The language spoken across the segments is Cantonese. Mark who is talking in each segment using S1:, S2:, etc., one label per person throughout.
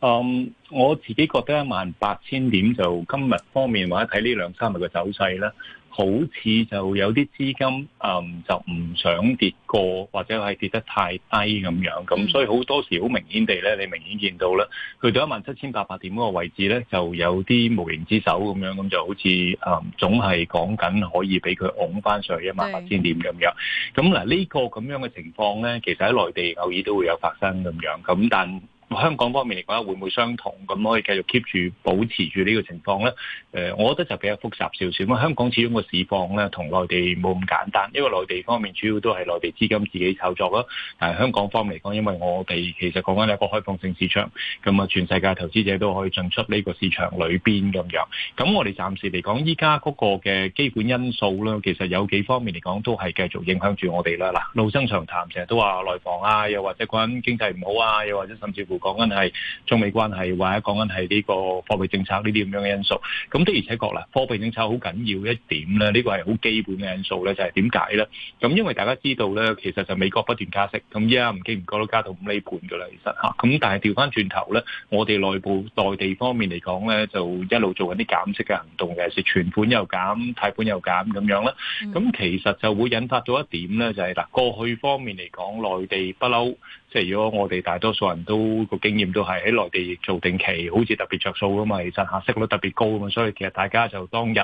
S1: 嗯，um, 我自己覺得一萬八千點就今日方面或者睇呢兩三日嘅走勢咧，好似就有啲資金嗯、um, 就唔想跌過，或者係跌得太低咁樣，咁、嗯、所以好多時好明顯地咧，你明顯見到啦，去到一萬七千八百點嗰個位置咧，就有啲無形之手咁樣，咁就好似嗯、um, 總係講緊可以俾佢拱翻上去一萬八千點咁樣。咁嗱，這個、這樣的情況呢個咁樣嘅情況咧，其實喺內地偶爾都會有發生咁樣，咁但。香港方面嚟講，會唔會相同咁可以繼續 keep 住保持住呢個情況咧？誒、呃，我覺得就比較複雜少少。咁香港始終個市況咧，同內地冇咁簡單，因為內地方面主要都係內地資金自己炒作囉。但係，香港方面嚟講，因為我哋其實講緊一個開放性市場，咁啊全世界投資者都可以進出呢個市場裏邊咁樣。咁我哋暫時嚟講，依家嗰個嘅基本因素呢，其實有幾方面嚟講都係繼續影響住我哋啦。嗱，老生常談，成日都話內房啊，又或者講經濟唔好啊，又或者甚至乎。講緊係中美關係，或者講緊係呢個貨幣政策呢啲咁樣嘅因素。咁的而且確啦，貨幣政策好緊要一點咧，呢個係好基本嘅因素咧，就係點解咧？咁因為大家知道咧，其實就美國不斷加息，咁依家唔經唔覺都加到五厘半噶啦，其實吓。咁但係調翻轉頭咧，我哋內部內地方面嚟講咧，就一路做緊啲減息嘅行動嘅，是存款又減，貸款又減咁樣啦。咁、嗯、其實就會引發咗一點咧，就係、嗱，過去方面嚟講，內地不嬲。即係如果我哋大多數人都、這個經驗都係喺內地做定期，好似特別着數噶嘛，其實客息率特別高吖嘛。所以其實大家就當日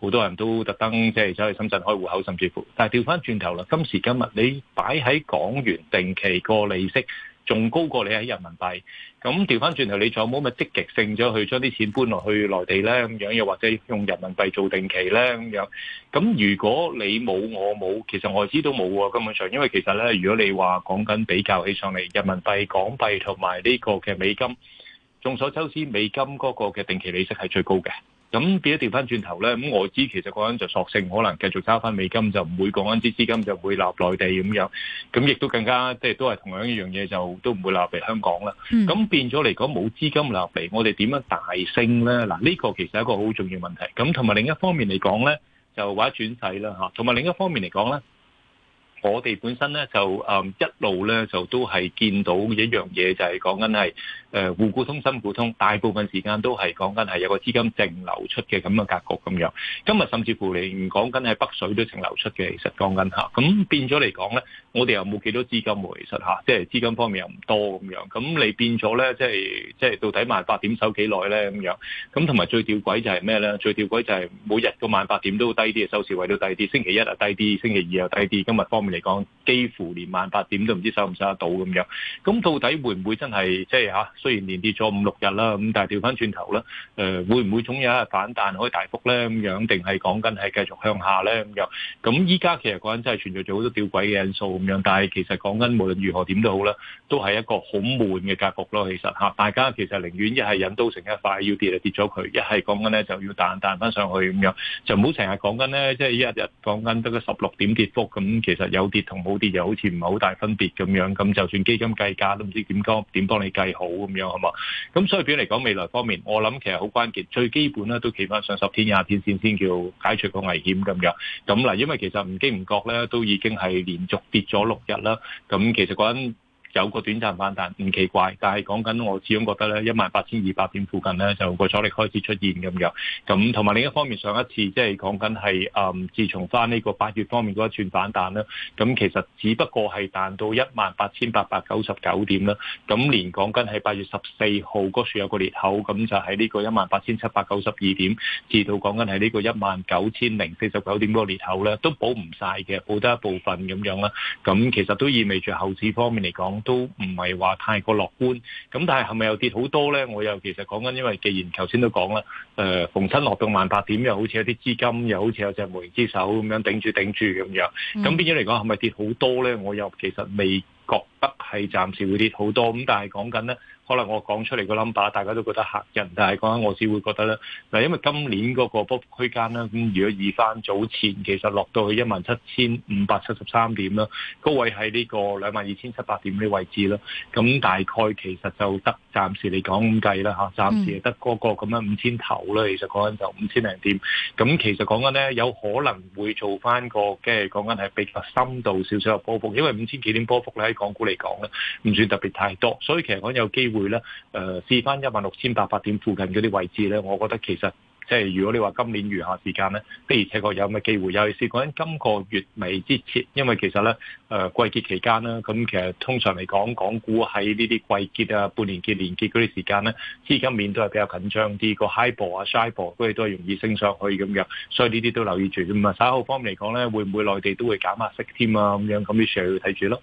S1: 好多人都特登即係走去深圳開戶口，甚至乎，但係調翻轉頭啦，今時今日你擺喺港元定期個利息，仲高過你喺人民幣，咁調翻轉頭，你仲有冇咩積極性咗去將啲錢搬落去內地呢？咁樣又或者用人民幣做定期呢？咁樣咁如果你冇，我冇，其實外資都冇喎。根本上，因為其實呢，如果你話講緊比較起上嚟，人民幣、港幣同埋呢個嘅美金，眾所周知，美金嗰個嘅定期利息係最高嘅。咁變咗調翻轉頭咧，咁外資其實講緊就索性可能繼續揸翻美金，就唔會講啲資金就唔會立內地咁樣，咁亦都更加即係都係同樣一樣嘢，就都唔會立嚟香港啦。咁變咗嚟講冇資金立嚟，我哋點樣大升咧？嗱，呢個其實係一個好重要問題。咁同埋另一方面嚟講咧，就話轉勢啦。同埋另一方面嚟講咧。我哋本身咧就、嗯、一路咧就都係見到一樣嘢，就係講緊係誒滬股通、深股通，大部分時間都係講緊係有個資金淨流出嘅咁嘅格局咁樣。今日甚至乎連講緊係北水都淨流出嘅，其實講緊下，咁變咗嚟講咧。我哋又冇幾多資金喎，其實嚇，即係資金方面又唔多咁樣。咁你變咗咧，即係即係到底萬八點收幾耐咧咁樣？咁同埋最吊詭就係咩咧？最吊詭就係每日個萬八點都低啲嘅收市位都低啲。星期一啊低啲，星期二又低啲。今日方面嚟講，幾乎連萬八點都唔知收唔收得到咁樣。咁到底會唔會真係即係嚇？雖然連跌咗五六日啦，咁但係調翻轉頭啦，誒會唔會總有一日反彈可以大幅咧咁樣？定係講緊係繼續向下咧咁樣？咁依家其實講緊真係存在咗好多吊詭嘅因素。咁樣，但係其實講緊無論如何點都好啦，都係一個好悶嘅格局咯。其實嚇，大家其實寧願一係引刀成一快要跌就跌咗佢，一係講緊咧就要彈彈翻上去咁樣，就唔好成日講緊咧，即係一日講緊得個十六點跌幅咁，其實有跌同冇跌又好似唔係好大分別咁樣。咁就算基金計價都唔知點幫點幫你計好咁樣，係嘛？咁所以表嚟講未來方面，我諗其實好關鍵，最基本咧都企翻上十天、廿天線先叫解除個危險咁樣。咁嗱，因為其實唔經唔覺咧，都已經係連續跌咗六日啦，咁其實嗰陣，有個短暫反彈唔奇怪，但係講緊我始終覺得咧，一萬八千二百點附近咧就個阻力開始出現咁樣。咁同埋另一方面，上一次即係講緊係誒，自從翻呢個八月方面嗰一串反彈啦，咁其實只不過係彈到一萬八千八百九十九點啦。咁連講緊係八月十四號嗰處有個裂口，咁就喺呢個一萬八千七百九十二點，至到講緊係呢個一萬九千零四十九點嗰個裂口咧，都補唔晒嘅，補得一部分咁樣啦。咁其實都意味住後市方面嚟講，都唔係話太過樂觀，咁但係係咪又跌好多咧？我又其實講緊，因為既然頭先都講啦，誒、呃、逢親落到萬八點，又好似有啲資金，又好似有隻無形之手咁樣頂住頂住咁樣，咁變咗嚟講係咪跌好多咧？我又其實未覺得係暫時會跌好多，咁但係講緊咧。可能我講出嚟個 number 大家都覺得嚇人，但係講緊我先會覺得咧嗱，因為今年嗰個波幅區間咧，咁如果以翻早前，其實落到去一萬七千五百七十三點啦，高位喺呢個兩萬二千七百點呢位置啦，咁大概其實就得暫時嚟講咁計啦嚇，暫時就得嗰個咁樣五千頭啦，其實講緊就五千零點，咁其實講緊咧有可能會做翻個，即係講緊係比較深度少少嘅波幅，因為五千幾點波幅咧喺港股嚟講咧唔算特別太多，所以其實講有機會。會咧，誒試翻一萬六千八百點附近嗰啲位置咧，我覺得其實即係如果你話今年餘下時間咧，的而且確有咩嘅機會。尤其是講緊今個月尾之前，因為其實咧誒、呃、季節期間啦，咁其實通常嚟講，港股喺呢啲季節啊、半年結年結嗰啲時間咧，資金面都係比較緊張啲，個 high 波啊、shy 波嗰啲都係容易升上去咁樣，所以呢啲都留意住。咁啊，稍後方面嚟講咧，會唔會內地都會減壓息添啊？咁樣咁啲事要睇住咯。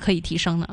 S2: 可以提升呢？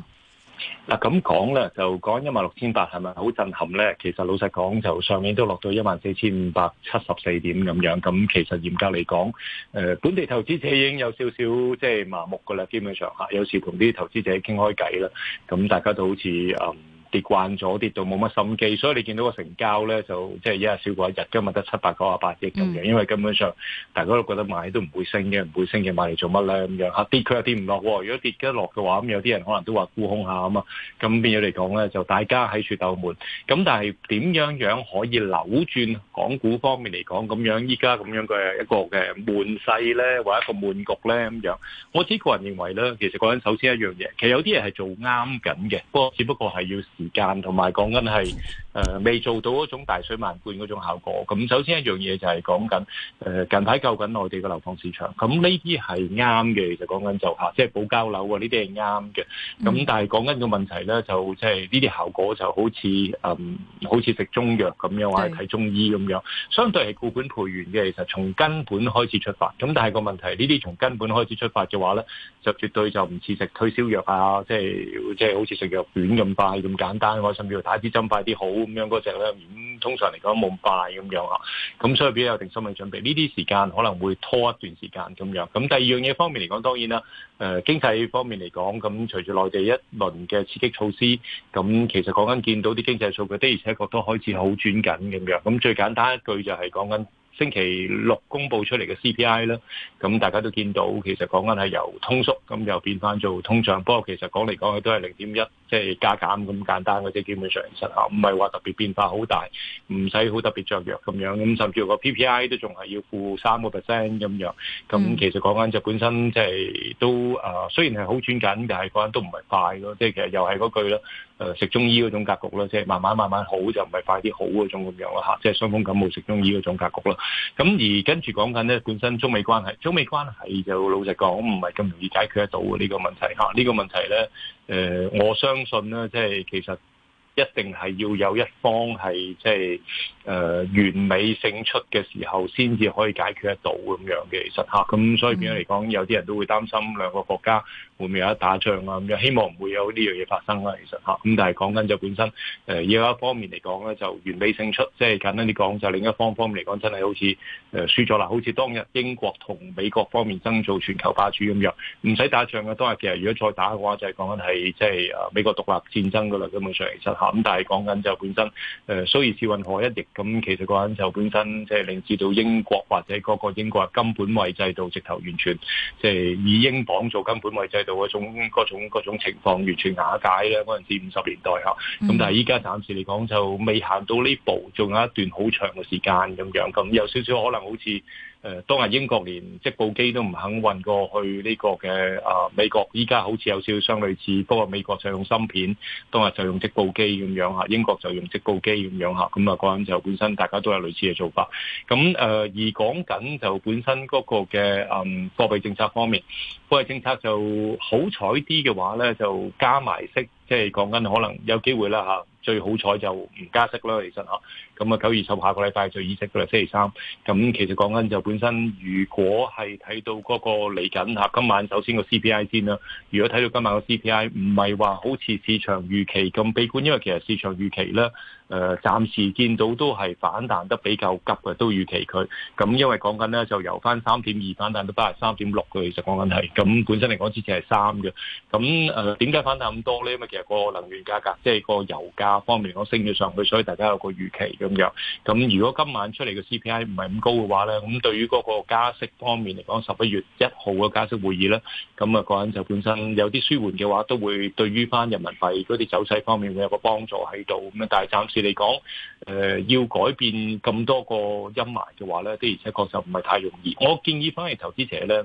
S1: 嗱，咁講呢，就講一萬六千八係咪好震撼咧？其實老實講，就上面都落到一萬四千五百七十四點咁樣。咁其實嚴格嚟講，誒、呃、本地投資者已經有少少即係麻木噶啦。基本上吓，有時同啲投資者傾開偈啦，咁大家都好似誒。嗯跌慣咗，跌就冇乜心機，所以你見到個成交咧，就即係一日少過一日，今日得七百九啊八億咁樣，嗯、因為根本上大家都覺得買都唔會升嘅，唔會升嘅買嚟做乜咧咁樣，嚇跌佢又跌唔落，如果跌得落嘅話，咁有啲人可能都話沽空下啊嘛，咁變咗嚟講咧，就大家喺處鬥悶，咁但係點樣樣可以扭轉港股方面嚟講，咁樣依家咁樣嘅一個嘅悶勢咧，或者一個悶局咧咁樣，我自己個人認為咧，其實講緊首先一樣嘢，其實有啲嘢係做啱緊嘅，不過只不過係要間同埋講緊係。誒、呃、未做到嗰種大水漫灌嗰種效果。咁首先一樣嘢就係講緊誒近排救緊內地嘅樓房市場。咁呢啲係啱嘅，其實講緊就下、是，即、就、係、是、保交樓啊呢啲係啱嘅。咁、嗯、但係講緊個問題咧，就即係呢啲效果就好似誒、嗯，好似食中藥咁樣，對或者睇中醫咁樣，相對係固本培元嘅。其實從根本開始出發。咁但係個問題，呢啲從根本開始出發嘅話咧，就絕對就唔似食退燒藥啊，即係即好似食藥丸咁快咁簡單，我甚至打支針快啲好。咁樣嗰隻咧，咁通常嚟講冇咁快咁樣啊，咁所以比較有定心理準備。呢啲時間可能會拖一段時間咁樣。咁第二樣嘢方面嚟講，當然啦，誒、呃、經濟方面嚟講，咁隨住內地一輪嘅刺激措施，咁其實講緊見到啲經濟數據，的而且確都開始好轉緊咁樣。咁最簡單一句就係講緊星期六公佈出嚟嘅 CPI 啦，咁大家都見到，其實講緊係由通縮咁又變返做通脹，不過其實講嚟講去都係零點一。即係加減咁簡單嘅啫，基本上實其實唔係話特別變化好大，唔使好特別著藥咁樣。咁甚至乎個 PPI 都仲係要負三個 percent 咁樣。咁其實講緊就本身即係都啊，雖然係好轉緊，但係講緊都唔係快咯。即係其實又係嗰句啦、呃，食中醫嗰種格局啦，即係慢慢慢慢好就唔係快啲好嗰種咁樣啦嚇。即係傷風感冒食中醫嗰種格局啦。咁而跟住講緊咧，本身中美關係，中美關係就老實講唔係咁容易解決得到呢個問題嚇。呢個問題咧，我相。相信咧，即係其實一定係要有一方係即係誒完美勝出嘅時候，先至可以解決得到咁樣嘅。其實吓，咁所以點樣嚟講，有啲人都會擔心兩個國家。會唔會有一打仗啊？咁樣希望唔會有呢樣嘢發生啦、啊。其實咁但係講緊就本身誒，要有一方面嚟講咧，就完美勝出；即、就、係、是、簡單啲講，就是、另一方面方面嚟講，真係好似誒輸咗啦。好似當日英國同美國方面爭做全球霸主咁樣，唔使打仗嘅、啊、當日，其實如果再打嘅話，就係講緊係即係美國獨立戰爭㗎啦。根本上本其實咁但係講緊就本身蘇伊士運河一役咁，其實講緊就本身即係令至到英國或者各個英國嘅根本位制度，直頭完全即係以英鎊做根本位制度。個種、各種、各種情況完全瓦解咧。嗰陣時五十年代呵，咁但係依家暫時嚟講就未行到呢步，仲有一段好長嘅時間咁樣，咁有少少可能好似。誒，當日英國連織布機都唔肯運過去呢個嘅美國，依家好似有少少相類似，不過美國就用芯片，當日就用織布機咁樣嚇，英國就用織布機咁樣嚇，咁啊講緊就本身大家都有類似嘅做法。咁誒，而講緊就本身嗰個嘅嗯貨幣政策方面，貨幣政策就好彩啲嘅話咧，就加埋息。即係講緊可能有機會啦，最好彩就唔加息啦，其實嚇，咁啊九月十下個禮拜就議息嘅啦，星期三。咁其實講緊就本身，如果係睇到嗰個嚟緊嚇，今晚首先個 CPI 先啦。如果睇到今晚個 CPI 唔係話好似市場預期咁悲觀，因為其實市場預期咧。誒、呃，暫時見到都係反彈得比較急嘅，都預期佢。咁因為講緊咧，就由翻三點二反彈到翻嚟三點六，佢其實講緊係。咁本身嚟講之前係三嘅。咁誒，點、呃、解反彈咁多咧？因為其實個能源價格，即、就、係、是、個油價方面講升咗上去，所以大家有個預期咁樣。咁如果今晚出嚟嘅 CPI 唔係咁高嘅話咧，咁對於嗰個加息方面嚟講，十一月一號嘅加息會議咧，咁啊嗰陣就本身有啲舒緩嘅話，都會對於翻人民幣嗰啲走勢方面會有個幫助喺度咁樣。但係暫時嚟講，誒、呃、要改變咁多個陰霾嘅話咧，的而且確實就唔係太容易。我建議翻嚟投資者咧，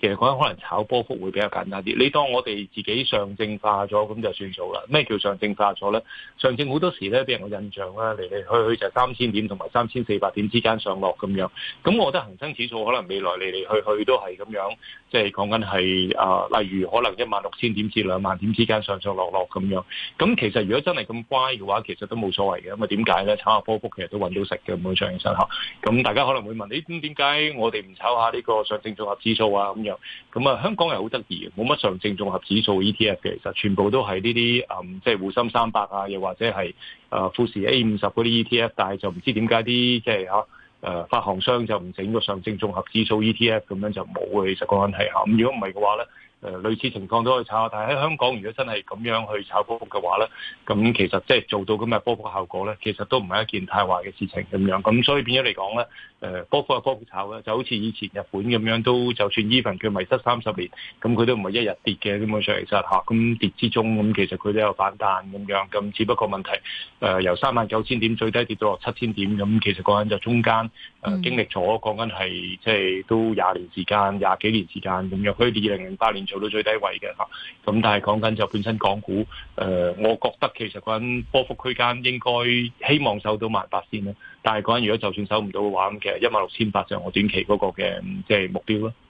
S1: 其實講可能炒波幅會比較簡單啲。你當我哋自己上證化咗，咁就算數啦。咩叫上證化咗咧？上證好多時咧，俾人嘅印象啦，嚟嚟去去就係三千點同埋三千四百點之間上落咁樣。咁我覺得恒生指數可能未來嚟嚟去去都係咁樣，即係講緊係啊，例如可能一萬六千點至兩萬點之間上上落落咁樣。咁其實如果真係咁乖嘅話，其實都冇錯。咁啊，點解咧？炒下波幅其實都揾到食嘅，唔會上起身嚇。咁、嗯、大家可能會問：咦、哎，咁點解我哋唔炒下呢個上證綜合指數啊？咁樣咁啊、嗯，香港又好得意冇乜上證綜合指數 ETF 嘅，其實全部都係呢啲誒，即係滬深三百啊，又或者係誒、呃、富時 A 五十嗰啲 ETF。但係就唔知點解啲即係嚇誒發行商就唔整個上證綜合指數 ETF，咁樣就冇嘅。其實個問題嚇，咁如果唔係嘅話咧。誒類似情況都可以炒，但係喺香港如果真係咁樣去炒波幅嘅話咧，咁其實即係做到咁嘅波幅效果咧，其實都唔係一件太壞嘅事情咁樣。咁所以變咗嚟講咧，誒波幅係波幅炒嘅，就好似以前日本咁樣，都就算 Even 佢迷失三十年，咁佢都唔係一日跌嘅基本上，麼其實吓咁、啊、跌之中，咁其實佢都有反彈咁樣。咁只不過問題誒、呃、由三萬九千點最低跌到落七千點，咁其實講緊就中間誒、呃、經歷咗講緊係即係都廿年時間、廿幾年時間咁樣，去二零零八年。做到最低位嘅嚇。咁但係講緊就本身港股，誒， 我覺得其實講波幅區間應該希望守到萬八先啦。但係講緊如果就算守唔到嘅話，咁其實一萬六千八就係我短期嗰個嘅即係目標咯。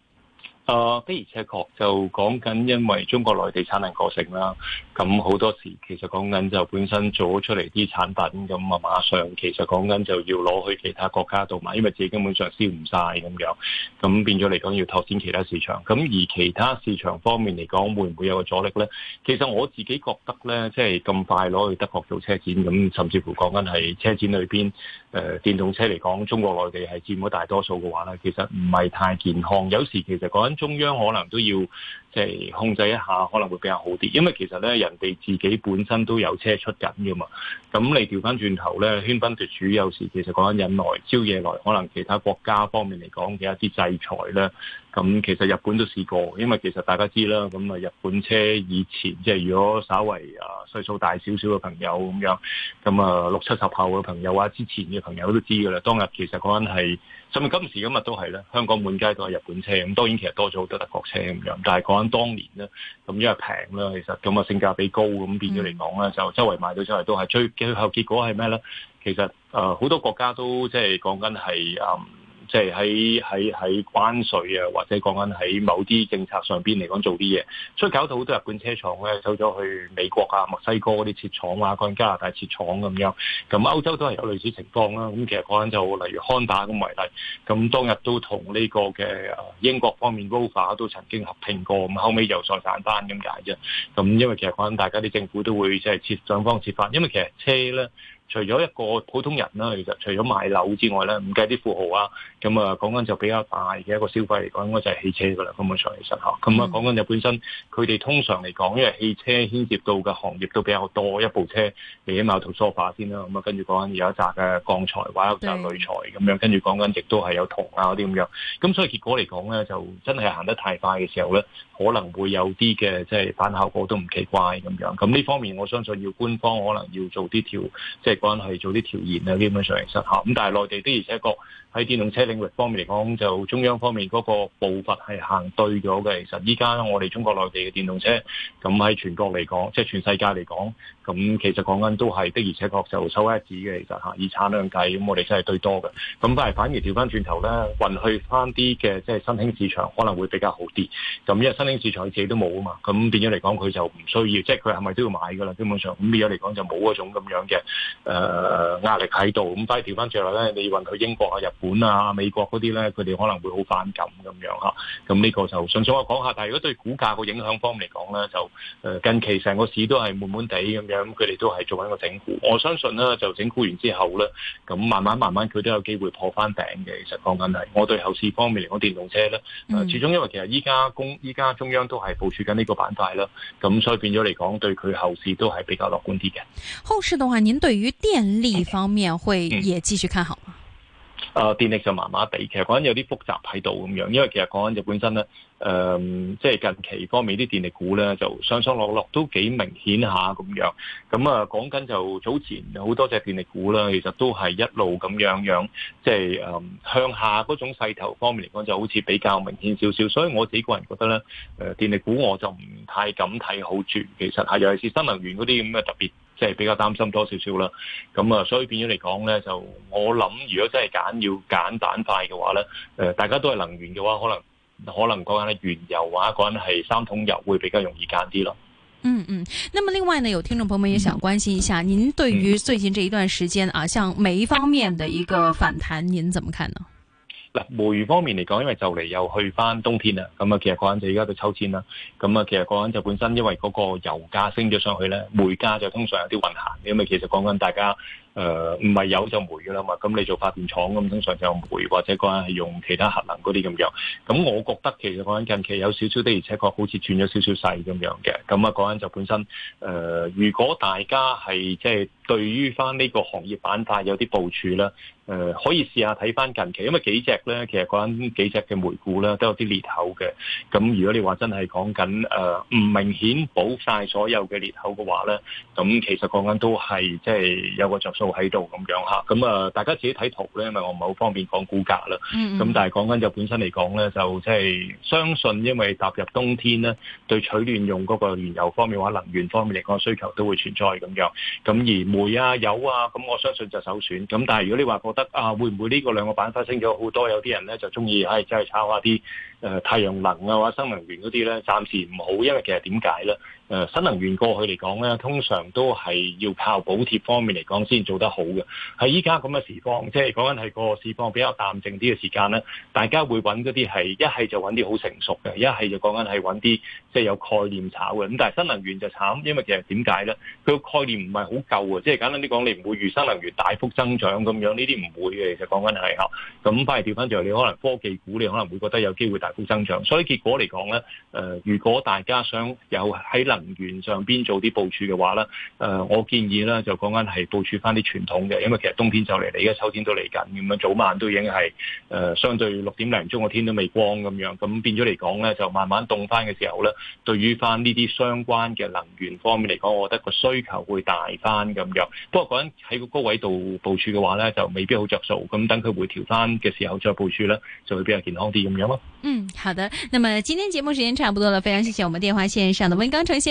S1: 啊，的而且確就講緊，因為中國內地產能過剩啦。咁好、嗯、多時其實講緊就本身做出嚟啲產品，咁、嗯、啊馬上其實講緊就要攞去其他國家度賣，因為自己根本上銷唔晒。咁樣，咁變咗嚟講要拓展其他市場。咁、嗯、而其他市場方面嚟講，會唔會有個阻力呢？其實我自己覺得呢，即係咁快攞去德國做車展，咁、嗯、甚至乎講緊係車展裏邊，誒、呃、電動車嚟講，中國內地係佔咗大多數嘅話呢，其實唔係太健康。有時其實講緊中央可能都要。即係控制一下可能會比較好啲，因為其實咧人哋自己本身都有車出緊嘅嘛，咁你調翻轉頭咧，喧賓奪主有時其實講緊引來，招惹來可能其他國家方面嚟講嘅一啲制裁呢。咁其實日本都試過，因為其實大家知啦，咁啊日本車以前即係如果稍為啊歲數大少少嘅朋友咁樣，咁啊六七十後嘅朋友啊，之前嘅朋友都知嘅啦，當日其實講緊係。甚至今時今日都係咧，香港滿街都係日本車，咁當然其實多咗好多德國車咁樣。但係講緊當年咧，咁因為平啦，其實咁啊性價比高咁，變咗嚟講咧，就周圍買到周圍都係。最最後結果係咩咧？其實誒好、呃、多國家都即係講緊係誒。即係喺喺喺關稅啊，或者講緊喺某啲政策上邊嚟講做啲嘢，所以搞到好多日本車廠咧，走咗去美國啊、墨西哥嗰啲設廠啊，講緊加拿大設廠咁樣，咁歐洲都係有類似情況啦、啊。咁其實講緊就例如 Honda 咁為例，咁當日都同呢個嘅英國方面 Rover 都曾經合併過，咁後尾又再散翻咁解啫。咁因為其實講緊大家啲政府都會即係設想方設法，因為其實車咧。除咗一個普通人啦，其實除咗買樓之外咧，唔計啲富豪啊，咁啊講緊就比較大嘅一個消費嚟講，應該就係、是、汽車噶啦，咁啊上嚟實客。咁啊講緊就本身佢哋通常嚟講，因為汽車牽涉到嘅行業都比較多，一部車你起碼有一套梳化先啦，咁啊跟住講緊有一紮嘅鋼材，或者一紮鋁材咁是樣，跟住講緊亦都係有銅啊嗰啲咁樣。咁所以結果嚟講咧，就真係行得太快嘅時候咧，可能會有啲嘅即係反效果都唔奇怪咁樣。咁呢方面我相信要官方可能要做啲條即係講緊做啲調研啊，基本上其實嚇，咁但係內地的而且確喺電動車領域方面嚟講，就中央方面嗰個步伐係行對咗嘅。其實依家我哋中國內地嘅電動車，咁喺全國嚟講，即係全世界嚟講，咁其實講緊都係的而且確就首屈一指嘅。其實嚇，以產量計，咁我哋真係對多嘅。咁但係反而調返轉頭咧，運去返啲嘅即係新興市場可能會比較好啲。咁因為新興市場佢自己都冇啊嘛，咁變咗嚟講佢就唔需要，即係佢係咪都要買噶啦？基本上咁變咗嚟講就冇嗰種咁樣嘅。誒、呃、壓力喺度，咁快係調翻轉頭咧，你運去英國啊、日本啊、美國嗰啲咧，佢哋可能會好反感咁樣嚇，咁呢個就順順我講下。但係如果對股價個影響方面嚟講咧，就誒近期成個市都係悶悶地咁樣，佢哋都係做緊個整固。我相信呢，就整固完之後咧，咁慢慢慢慢佢都有機會破翻頂嘅。其實講緊係，我對後市方面嚟講，電動車咧，嗯、始終因為其實依家公依家中央都係部署緊呢個板塊啦，咁所以變咗嚟講，對佢後市都係比較樂觀啲嘅。
S2: 後市嘅話，你對於電力方面會也繼續看好嗎？誒、嗯
S1: 呃，電力就麻麻地，其實講緊有啲複雜喺度咁樣，因為其實講緊就本身咧，誒、呃，即、就、係、是、近期方面啲電力股咧就上上落落都幾明顯下、啊、咁樣，咁啊講緊就早前好多隻電力股啦，其實都係一路咁樣樣，即係誒向下嗰種勢頭方面嚟講就好似比較明顯少少，所以我自己個人覺得咧，誒、呃，電力股我就唔太敢睇好住，其實係，尤其是新能源嗰啲咁嘅特別。即係比較擔心多少少啦，咁、嗯、啊、嗯，所以變咗嚟講咧，就我諗，如果真係揀要揀板塊嘅話咧，誒、呃，大家都係能源嘅話，可能可能講緊係原油啊，講緊係三桶油會比較容易揀啲咯。嗯嗯，
S2: 那麼另外呢，有聽眾朋友們也想關心一下，嗯、您對於最近這一段時間啊，像每一方面嘅一個反彈，您怎麼看呢？
S1: 嗱，煤方面嚟講，因為就嚟又去返冬天啦，咁啊，其實個人就依家就抽籤啦，咁啊，其實個人就本身因為嗰個油價升咗上去咧，煤價就通常有啲運行，因為其實講緊大家。誒唔係有就煤嘅啦嘛，咁你做發電廠咁通常就煤或者講係用其他核能嗰啲咁樣，咁我覺得其實講緊近期有少少的，而且確好似轉咗少少勢咁樣嘅。咁啊講緊就本身誒、呃，如果大家係即係對於翻呢個行業板塊有啲部署啦，誒、呃、可以試下睇翻近期，因為幾隻咧其實講緊幾隻嘅煤股咧都有啲裂口嘅。咁如果你話真係講緊誒唔明顯補晒所有嘅裂口嘅話咧，咁其實講緊都係即係有個著。到喺度咁樣吓，咁啊大家自己睇圖咧，因為我唔係好方便講股價啦。咁但係講緊就本身嚟講咧，就即係相信，因為踏入冬天咧，對取暖用嗰個原油方面或者能源方面嚟講需求都會存在咁樣。咁而煤啊、油啊，咁我相信就首選。咁但係如果你話覺得啊，會唔會呢個兩個板發生咗好多有啲人咧就中意係走去炒下啲誒太陽能嘅話新能源嗰啲咧，暫時唔好，因為其實點解咧？誒，新能源過去嚟講咧，通常都係要靠補貼方面嚟講先做得好嘅。喺依家咁嘅時況，即係講緊係個市況比較淡靜啲嘅時間咧，大家會揾嗰啲係一係就揾啲好成熟嘅，一係就講緊係揾啲即係有概念炒嘅。咁但係新能源就慘，因為其實點解咧？佢個概念唔係好夠啊，即係簡單啲講，你唔會預新能源大幅增長咁樣，呢啲唔會嘅。其實講緊係嚇，咁反而調翻轉，你可能科技股你可能會覺得有機會大幅增長。所以結果嚟講咧，誒、呃，如果大家想有喺能能源上邊做啲部署嘅話咧，誒，我建議咧就講緊係部署翻啲傳統嘅，因為其實冬天就嚟，而家秋天都嚟緊，咁樣早晚都已經係誒相對六點零鐘個天都未光咁樣，咁變咗嚟講咧就慢慢凍翻嘅時候咧，對於翻呢啲相關嘅能源方面嚟講，我覺得個需求會大翻咁樣。不過講喺個高位度部署嘅話咧，就未必好着數，咁等佢回調翻嘅時候再部署咧，就會比較健康啲咁樣咯。嗯，
S2: 好的，那麼今天節目時間差唔多啦，非常謝謝我們電話線上的溫鋼城先。